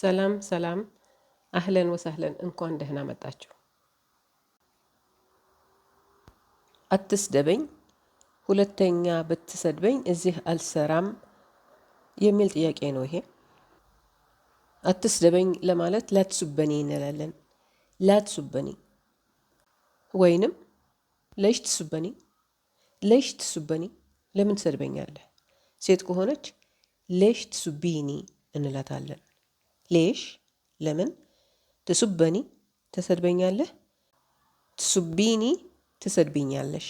ሰላም ሰላም አህለን ወሳህለን እንኳን ደህና መጣችሁ። አትስደበኝ፣ ሁለተኛ ብትሰድበኝ እዚህ አልሰራም የሚል ጥያቄ ነው ይሄ። አትስደበኝ ለማለት ላትሱበኒ እንላለን። ላትሱበኒ ወይንም ለይሽ ትሱበኒ፣ ለይሽ ትሱበኒ፣ ለምን ትሰድበኛለህ? ሴት ከሆነች ለይሽ ትሱቢኒ እንላታለን። ሌሽ ለምን ትሱበኒ ተሰድበኛለህ ትሱቢኒ ትሰድቢኛለሽ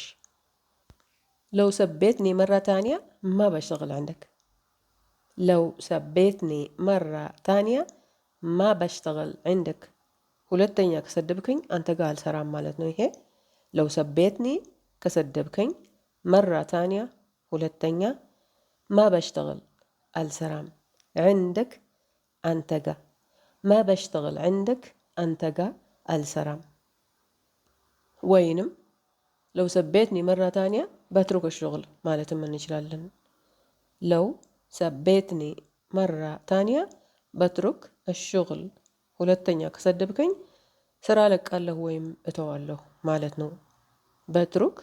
ለው ሰቤትኒ መራ ታንያ ማ በሽተግል ዐንደክ ለው ሰቤትኒ መራ ታንያ ማ በሽተግል ዐንደክ ሁለተኛ ከሰደብከኝ አንተ ጋር አልሰራም ማለት ነው። ይሄ ለው ሰቤትኒ ከሰደብከኝ መራ ታንያ ሁለተኛ ማ በሽተግል አልሰራም ዐንደክ አንተ ጋ ማ በሽተግል ዕንደክ አንተ ጋ አልሰራም። ወይንም ለው ሰቤትኒ መራ ታንያ በትሩክ ሽغል ማለትም እንችላለን። ለው ሰቤትኒ መራ ታንያ በትሩክ ሽغል፣ ሁለተኛ ከሰደብከኝ ስራ ለቃለሁ ወይም እተዋለሁ ማለት ነው። በትሩክ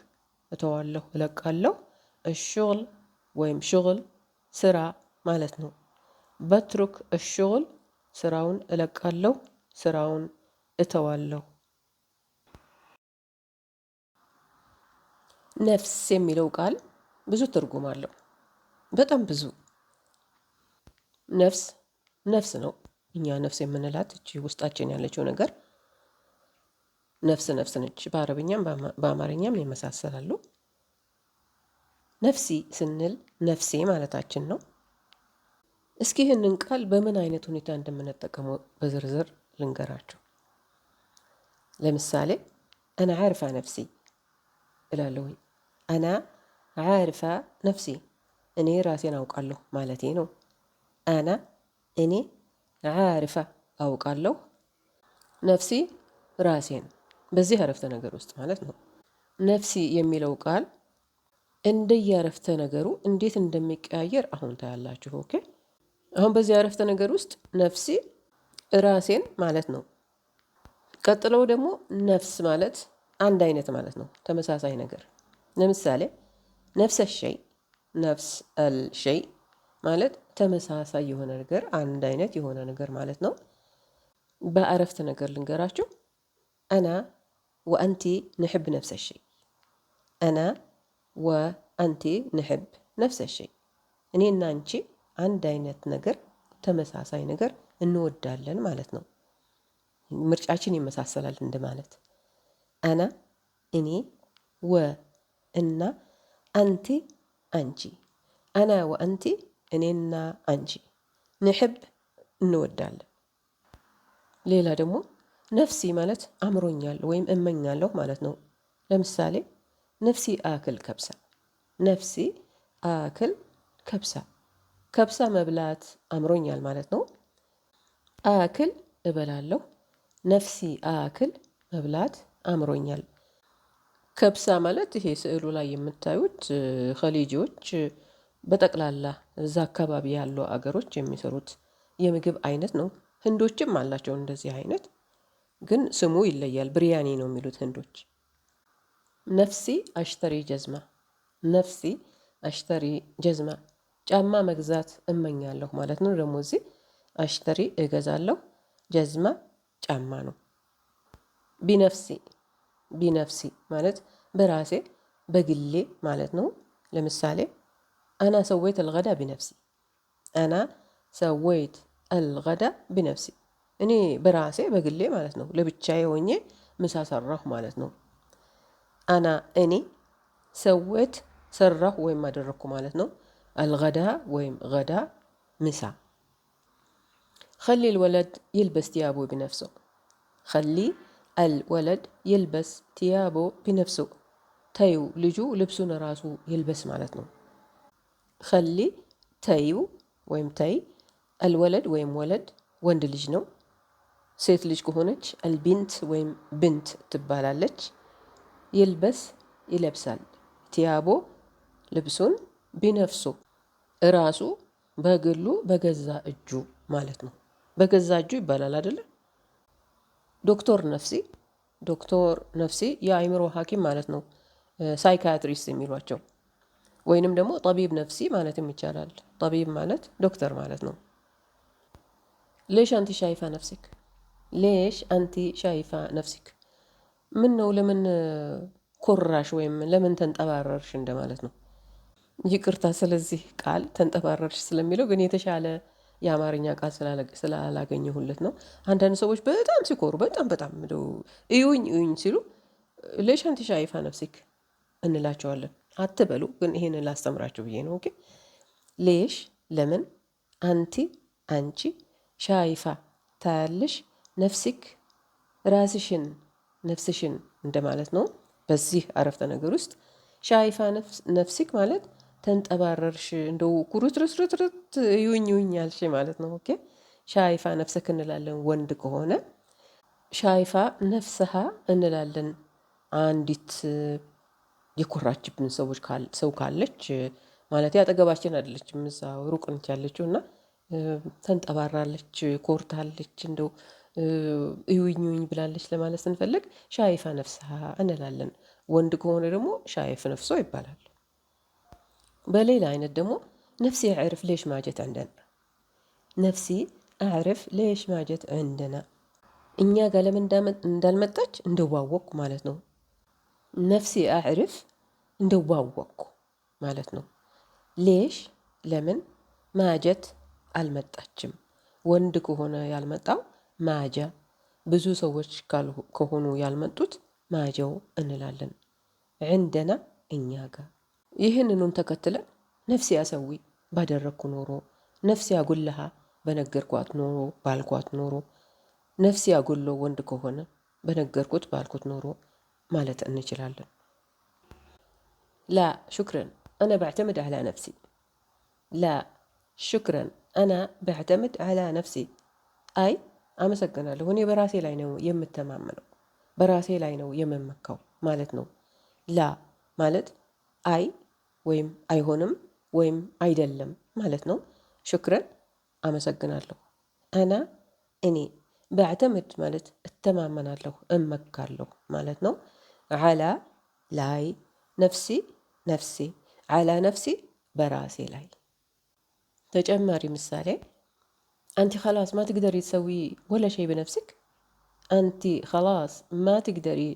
እተዋለሁ፣ እለቃለሁ፣ ሽغል ወይም ሽغል ስራ ማለት ነው። በትሩክ እሾል ስራውን እለቃለሁ፣ ስራውን እተዋለሁ። ነፍስ የሚለው ቃል ብዙ ትርጉም አለው። በጣም ብዙ ነፍስ ነፍስ ነው። እኛ ነፍስ የምንላት እቺ ውስጣችን ያለችው ነገር ነፍስ ነፍስ ነች። በአረብኛም በአማርኛም ይመሳሰላሉ። ነፍሲ ስንል ነፍሴ ማለታችን ነው። እስኪ ይህንን ቃል በምን አይነት ሁኔታ እንደምንጠቀመው በዝርዝር ልንገራችሁ። ለምሳሌ አና አርፋ ነፍሲ እላለሁ። አና አርፋ ነፍሲ እኔ ራሴን አውቃለሁ ማለቴ ነው። አና እኔ አርፋ አውቃለሁ ነፍሲ ራሴን በዚህ አረፍተ ነገር ውስጥ ማለት ነው። ነፍሲ የሚለው ቃል እንደየ ነገሩ እንዴት እንደሚቀያየር አሁን ታያላችሁ። ኦኬ አሁን በዚህ አረፍተ ነገር ውስጥ ነፍሲ ራሴን ማለት ነው። ቀጥለው ደግሞ ነፍስ ማለት አንድ አይነት ማለት ነው፣ ተመሳሳይ ነገር። ለምሳሌ ነፍሰ ሸይ ነፍስ አልሸይ ማለት ተመሳሳይ የሆነ ነገር፣ አንድ አይነት የሆነ ነገር ማለት ነው። በአረፍተ ነገር ልንገራችሁ። አና ወአንቲ ንሕብ ነፍሰ ሸይ። አና ወአንቲ ንሕብ ነፍሰ ሸይ፣ እና አንቺ አንድ አይነት ነገር ተመሳሳይ ነገር እንወዳለን ማለት ነው። ምርጫችን ይመሳሰላል እንደማለት አና እኔ ወ እና አንቲ አንቺ አና ወአንቲ እኔና አንቺ ንሕብ እንወዳለን። ሌላ ደግሞ ነፍሲ ማለት አምሮኛለሁ ወይም እመኛለሁ ማለት ነው። ለምሳሌ ነፍሲ አክል ከብሳ፣ ነፍሲ አክል ከብሳ ከብሳ መብላት አምሮኛል ማለት ነው። አያክል እበላለሁ። ነፍሲ አያክል መብላት አምሮኛል። ከብሳ ማለት ይሄ ስዕሉ ላይ የምታዩት ኸሊጂዎች በጠቅላላ እዛ አካባቢ ያሉ አገሮች የሚሰሩት የምግብ አይነት ነው። ህንዶችም አላቸው እንደዚህ አይነት ግን ስሙ ይለያል። ብሪያኒ ነው የሚሉት ህንዶች። ነፍሲ አሽተሪ ጀዝማ ነፍሲ አሽተሪ ጀዝማ ጫማ መግዛት እመኛለሁ ማለት ነው። ደግሞ እዚህ አሽተሪ እገዛለሁ ጀዝማ ጫማ ነው። ቢነፍሲ ቢነፍሲ ማለት በራሴ በግሌ ማለት ነው። ለምሳሌ አና ሰወይት አልገዳ ቢነፍሲ አና ሰወይት አልገዳ ቢነፍሲ እኔ በራሴ በግሌ ማለት ነው ለብቻዬ ሆኜ ምሳ ሰራሁ ማለት ነው። አና እኔ ሰወይት ሰራሁ ወይም አደረኩ ማለት ነው አልገዳ ወይም ገዳ ምሳ። ኸሊ ልወለድ የልበስ ቲያቦ ቢነፍሶ፣ ኸሊ አልወለድ የልበስ ቲያቦ ቢነፍሶ፣ ተዩ ልጁ ልብሱን ራሱ ይልበስ ማለት ነው። ኸሊ ተዩ ወይም ተይ፣ አልወለድ ወይም ወለድ ወንድ ልጅ ነው። ሴት ልጅ ከሆነች አልቢንት ወይም ብንት ትባላለች። ይልበስ ይለብሳል፣ ቲያቦ ልብሱን ቢነፍሶ ራሱ በግሉ በገዛ እጁ ማለት ነው። በገዛ እጁ ይባላል አይደለ? ዶክተር ነፍሲ ዶክተር ነፍሲ የአእምሮ ሐኪም ማለት ነው። ሳይካትሪስት የሚሏቸው ወይንም ደግሞ ጠቢብ ነፍሲ ማለትም ይቻላል። ጠቢብ ማለት ዶክተር ማለት ነው። ሌሽ አንቲ ሻይፋ ነፍሲክ፣ ሌሽ አንቲ ሻይፋ ነፍሲክ፣ ምን ነው ለምን ኮራሽ ወይም ለምን ተንጠባረርሽ እንደማለት ነው። ይቅርታ ስለዚህ ቃል ተንጠባረርሽ ስለሚለው ግን የተሻለ የአማርኛ ቃል ስላላገኘሁለት ነው። አንዳንድ ሰዎች በጣም ሲኮሩ በጣም በጣም እዩኝ እዩኝ ሲሉ ሌሻን ሻይፋ ነፍሲክ እንላቸዋለን። አትበሉ ግን ይሄን ላስተምራችሁ ብዬ ነው። ኦኬ ሌሽ ለምን አንቲ አንቺ ሻይፋ ታያለሽ ነፍሲክ ራስሽን ነፍስሽን እንደማለት ነው። በዚህ አረፍተ ነገር ውስጥ ሻይፋ ነፍሲክ ማለት ተንጠባረርሽ እንደው ኩርትርትርትርት ዩኝ ዩኝ ያልሽ ማለት ነው። ኦኬ ሻይፋ ነፍስክ እንላለን ወንድ ከሆነ ሻይፋ ነፍስሃ እንላለን። አንዲት የኮራችብን ሰዎች ሰው ካለች ማለት አጠገባችን አይደለችም፣ እዛ ሩቅ ነች ያለችው እና ተንጠባራለች፣ ኮርታለች፣ እንደው እዩኝ ዩኝ ብላለች ለማለት ስንፈልግ ሻይፋ ነፍስሃ እንላለን። ወንድ ከሆነ ደግሞ ሻይፍ ነፍሶ ይባላል። በሌላ አይነት ደግሞ ነፍሲ አዕርፍ ሌሽ ማጀት ዐንደና ነፍሲ አዕርፍ ሌሽ ማጀት እንደና እኛ ጋር ለምን እንዳልመጣች እንደዋወቅኩ ማለት ነው። ነፍሲ አዕርፍ እንደዋወቅኩ ማለት ነው። ሌሽ ለምን ማጀት አልመጣችም። ወንድ ከሆነ ያልመጣው ማጃ፣ ብዙ ሰዎች ከሆኑ ያልመጡት ማጀው እንላለን። እንደና እኛ ጋር ይህንኑን ተከትለን ነፍሴ ያሰዊ ባደረግኩ ኖሮ ነፍሴ ያጎልሃ በነገርኳት ኖሮ ባልኳት ኖሮ ነፍሴ ያጎሎ ወንድ ከሆነ በነገርኩት ባልኩት ኖሮ ማለት እንችላለን። ላ ሹክረን አነ ባዕተምድ አላ ነፍሲ ላ ሹክረን አነ ባዕተምድ አላ ነፍሲ አይ አመሰግናለሁ እኔ በራሴ ላይ ነው የምተማመነው በራሴ ላይ ነው የምመካው ማለት ነው። ላ ማለት አይ ወይም አይሆንም ወይም አይደለም ማለት ነው። ሽክረን አመሰግናለሁ። አና እኔ ባዕተምድ ማለት እተማመናለሁ እመካለሁ ማለት ነው። ዓላ ላይ ነፍሲ ነፍሲ ዓላ ነፍሲ በራሴ ላይ ተጨማሪ ምሳሌ أنت خلاص ما تقدري تسوي ولا شيء بنفسك أنت خلاص ما تقدري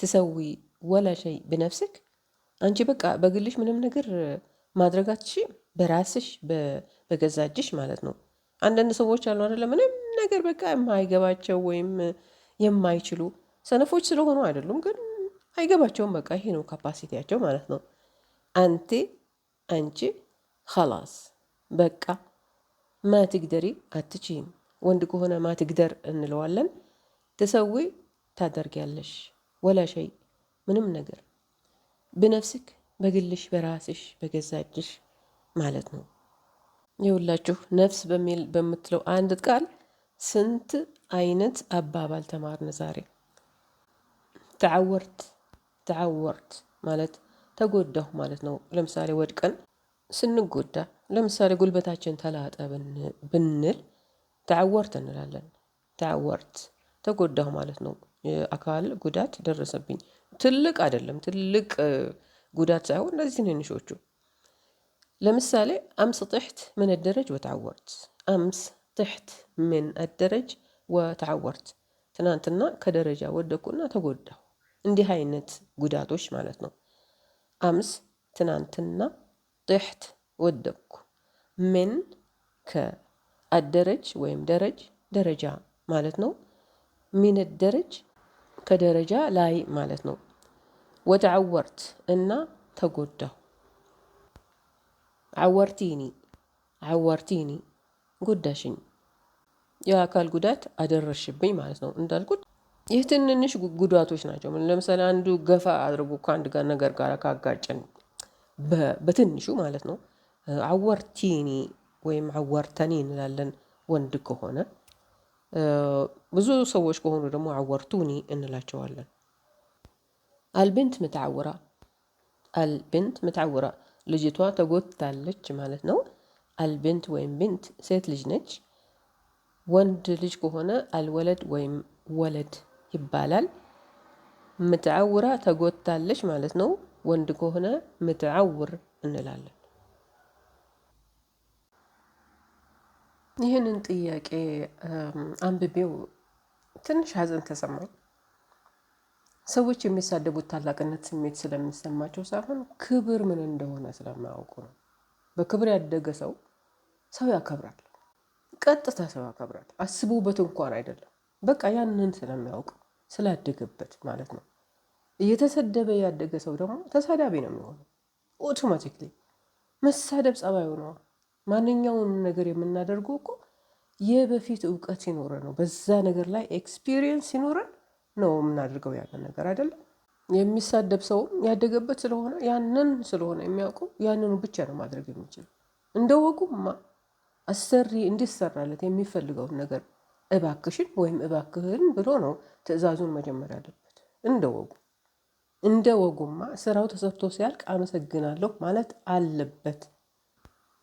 تسوي ولا شيء بنفسك አንቺ በቃ በግልሽ ምንም ነገር ማድረግ በራስሽ በገዛ እጅሽ ማለት ነው። አንዳንድ ሰዎች አሉ አይደለ ምንም ነገር በቃ የማይገባቸው ወይም የማይችሉ ሰነፎች ስለሆኑ አይደሉም ግን አይገባቸውም በቃ ይሄ ነው ካፓሲቲያቸው ማለት ነው። አንቴ አንቺ ኸላስ በቃ ማትግደሪ አትችይም ወንድ ከሆነ ማትግደር እንለዋለን ትሰዊ ታደርጊያለሽ ወላ ሸይ ምንም ነገር ብነፍስክ በግልሽ በራስሽ በገዛ እጅሽ ማለት ነው። የሁላችሁ ነፍስ በሚል በምትለው አንድ ቃል ስንት አይነት አባባል ተማርነ ዛሬ። ተዓወርት ተዓወርት ማለት ተጎዳሁ ማለት ነው። ለምሳሌ ወድቀን ስንጎዳ፣ ለምሳሌ ጉልበታችን ተላጠ ብንል ተዓወርት እንላለን። ተዓወርት ተጎዳሁ ማለት ነው። የአካል ጉዳት ደረሰብኝ ትልቅ አይደለም፣ ትልቅ ጉዳት ሳይሆን እነዚህ ትንንሾቹ። ለምሳሌ አምስ ጥሕት ምን አደረጅ ወተዓወርት፣ አምስ ጥሕት ምን አደረጅ ወተዓወርት፣ ትናንትና ከደረጃ ወደኩና ተጎዳሁ። እንዲህ አይነት ጉዳቶች ማለት ነው። አምስ ትናንትና፣ ጥሕት ወደኩ፣ ምን ከአደረጅ ወይም ደረጅ ደረጃ ማለት ነው። ሚን ደረጅ ከደረጃ ላይ ማለት ነው። ወደ አወርት እና ተጎዳሁ። አወርቲኒ አወርቲኒ ጎዳሽኝ፣ የአካል ጉዳት አደረሽብኝ ማለት ነው። እንዳልኩት ይህ ትንንሽ ጉዳቶች ናቸው። ለምሳሌ አንዱ ገፋ አድርጎ ከአንድ ጋር ነገር ጋር ካጋጨን በትንሹ ማለት ነው። አወርቲኒ ወይም አወርተኒ እንላለን ወንድ ከሆነ ብዙ ሰዎች ከሆኑ ደግሞ አወርቱኒ እንላቸዋለን። አልብንት ምትዓውራ አልብንት ምትዓውራ ልጅቷ ተጎትታለች ማለት ነው። አልብንት ወይም ብንት ሴት ልጅ ነች። ወንድ ልጅ ከሆነ አልወለድ ወይም ወለድ ይባላል። ምትዓውራ ተጎትታለች ማለት ነው። ወንድ ከሆነ ምትዓውር እንላለን። ይህንን ጥያቄ አንብቤው ትንሽ ሀዘን ተሰማኝ። ሰዎች የሚሳደቡት ታላቅነት ስሜት ስለሚሰማቸው ሳይሆን ክብር ምን እንደሆነ ስለማያውቁ ነው። በክብር ያደገ ሰው ሰው ያከብራል። ቀጥታ ሰው ያከብራል። አስቦበት እንኳን አይደለም። በቃ ያንን ስለሚያውቅ ስላደገበት ማለት ነው። እየተሰደበ ያደገ ሰው ደግሞ ተሳዳቢ ነው የሚሆነው። ኦቶማቲክሊ መሳደብ ጸባዩ ነው። ማንኛውን ነገር የምናደርገው እኮ የበፊት እውቀት ሲኖረን ነው በዛ ነገር ላይ ኤክስፒሪየንስ ሲኖረን ነው የምናደርገው ያንን ነገር አይደለም። የሚሳደብ ሰውም ያደገበት ስለሆነ ያንን ስለሆነ የሚያውቀው ያንኑ ብቻ ነው ማድረግ የሚችለው። ወጉማ አሰሪ እንዲሰራለት የሚፈልገውን ነገር እባክሽን ወይም እባክህን ብሎ ነው ትዕዛዙን መጀመር ያለበት። እንደወጉ እንደወጉማ ስራው ተሰርቶ ሲያልቅ አመሰግናለሁ ማለት አለበት።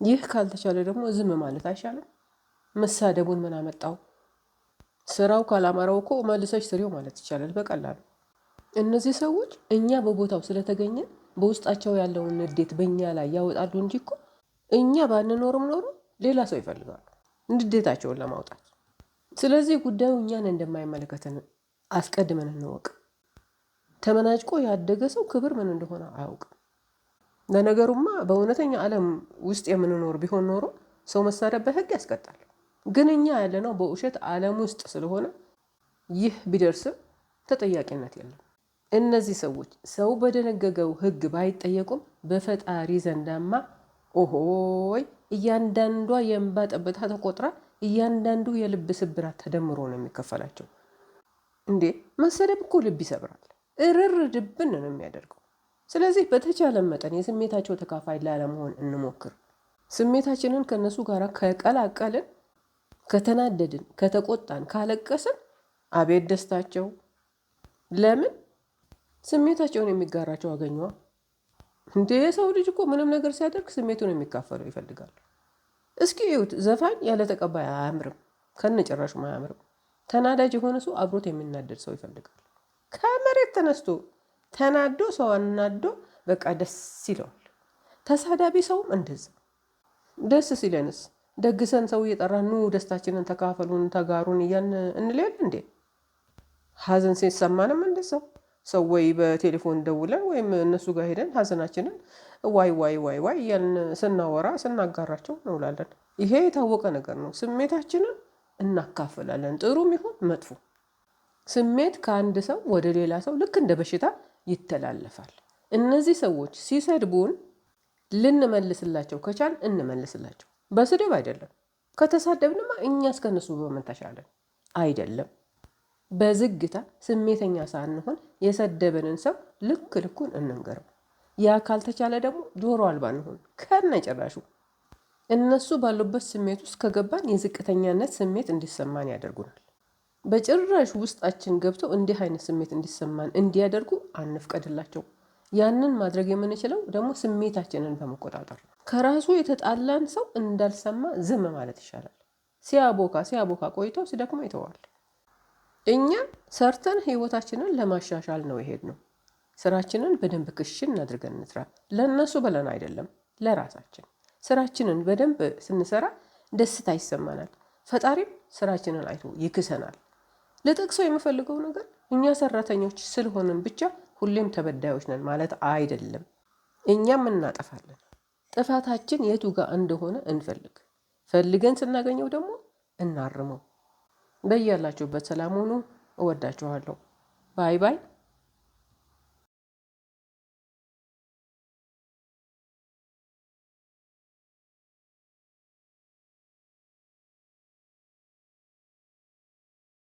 ይህ ካልተቻለ ደግሞ ዝም ማለት አይሻልም? መሳደቡን ምን አመጣው? ስራው ካላማረው እኮ መልሰች ስሪው ማለት ይቻላል በቀላሉ። እነዚህ ሰዎች እኛ በቦታው ስለተገኘ በውስጣቸው ያለውን ንዴት በእኛ ላይ ያወጣሉ እንጂ እኮ እኛ ባንኖርም ኖሮ ሌላ ሰው ይፈልጋሉ ንዴታቸውን ለማውጣት። ስለዚህ ጉዳዩ እኛን እንደማይመለከተን አስቀድመን እንወቅ። ተመናጭቆ ያደገ ሰው ክብር ምን እንደሆነ አያውቅም። ለነገሩማ በእውነተኛ ዓለም ውስጥ የምንኖር ቢሆን ኖሮ ሰው መሳደብ በሕግ ያስቀጣል። ግን እኛ ያለነው በውሸት ዓለም ውስጥ ስለሆነ ይህ ቢደርስም ተጠያቂነት የለም። እነዚህ ሰዎች ሰው በደነገገው ሕግ ባይጠየቁም በፈጣሪ ዘንዳማ ኦሆይ እያንዳንዷ የእንባ ጠብታ ተቆጥራ እያንዳንዱ የልብ ስብራት ተደምሮ ነው የሚከፈላቸው። እንዴ መሰደብ እኮ ልብ ይሰብራል፣ እርር ድብን ነው የሚያደርገው። ስለዚህ በተቻለ መጠን የስሜታቸው ተካፋይ ላለመሆን እንሞክር። ስሜታችንን ከእነሱ ጋር ከቀላቀልን ከተናደድን፣ ከተቆጣን፣ ካለቀስን አቤት ደስታቸው። ለምን ስሜታቸውን የሚጋራቸው አገኘዋ። እንደ የሰው ልጅ እኮ ምንም ነገር ሲያደርግ ስሜቱን የሚካፈለው ይፈልጋል። እስኪ እዩት፣ ዘፋኝ ያለ ተቀባይ አያምርም፣ ከነ አያምርም። ተናዳጅ የሆነ ሰው አብሮት የሚናደድ ሰው ይፈልጋል። ከመሬት ተነስቶ ተናዶ ሰው አናዶ በቃ ደስ ይለዋል። ተሳዳቢ ሰውም እንደዛ ደስ ሲለንስ ደግሰን ሰው እየጠራን ኑ ደስታችንን ተካፈሉን ተጋሩን እያን እንለያል እንዴ? ሀዘን ሲሰማንም እንደ ሰው ሰው ወይ በቴሌፎን ደውለን ወይም እነሱ ጋር ሄደን ሀዘናችንን ዋይ ዋይ ዋይ ዋይ እያን ስናወራ ስናጋራቸው እንውላለን። ይሄ የታወቀ ነገር ነው። ስሜታችንን እናካፍላለን፣ ጥሩም ይሁን መጥፎ። ስሜት ከአንድ ሰው ወደ ሌላ ሰው ልክ እንደ በሽታ ይተላለፋል። እነዚህ ሰዎች ሲሰድቡን ልንመልስላቸው ከቻል እንመልስላቸው በስድብ አይደለም። ከተሳደብንማ እኛ እስከነሱ በምን ተሻለን? አይደለም። በዝግታ ስሜተኛ ሳንሆን የሰደበንን ሰው ልክ ልኩን እንንገረው። ያ ካልተቻለ ደግሞ ጆሮ አልባ እንሆን ከነጭራሹ። እነሱ ባሉበት ስሜት ውስጥ ከገባን የዝቅተኛነት ስሜት እንዲሰማን ያደርጉናል። በጭራሽ ውስጣችን ገብተው እንዲህ አይነት ስሜት እንዲሰማን እንዲያደርጉ አንፍቀድላቸው። ያንን ማድረግ የምንችለው ደግሞ ስሜታችንን በመቆጣጠር ነው። ከራሱ የተጣላን ሰው እንዳልሰማ ዝም ማለት ይሻላል። ሲያቦካ ሲያቦካ ቆይተው ሲደክሞ ይተዋል። እኛ ሰርተን ህይወታችንን ለማሻሻል ነው የሄድ ነው። ስራችንን በደንብ ክሽን አድርገን እንስራ። ለእነሱ ብለን አይደለም፣ ለራሳችን ስራችንን በደንብ ስንሰራ ደስታ ይሰማናል። ፈጣሪም ስራችንን አይቶ ይክሰናል። ልጠቅሰው የምፈልገው ነገር እኛ ሰራተኞች ስለሆንን ብቻ ሁሌም ተበዳዮች ነን ማለት አይደለም። እኛም እናጠፋለን። ጥፋታችን የቱ ጋር እንደሆነ እንፈልግ። ፈልገን ስናገኘው ደግሞ እናርመው። በያላችሁበት ሰላም ሁኑ። እወዳችኋለሁ። ባይ ባይ።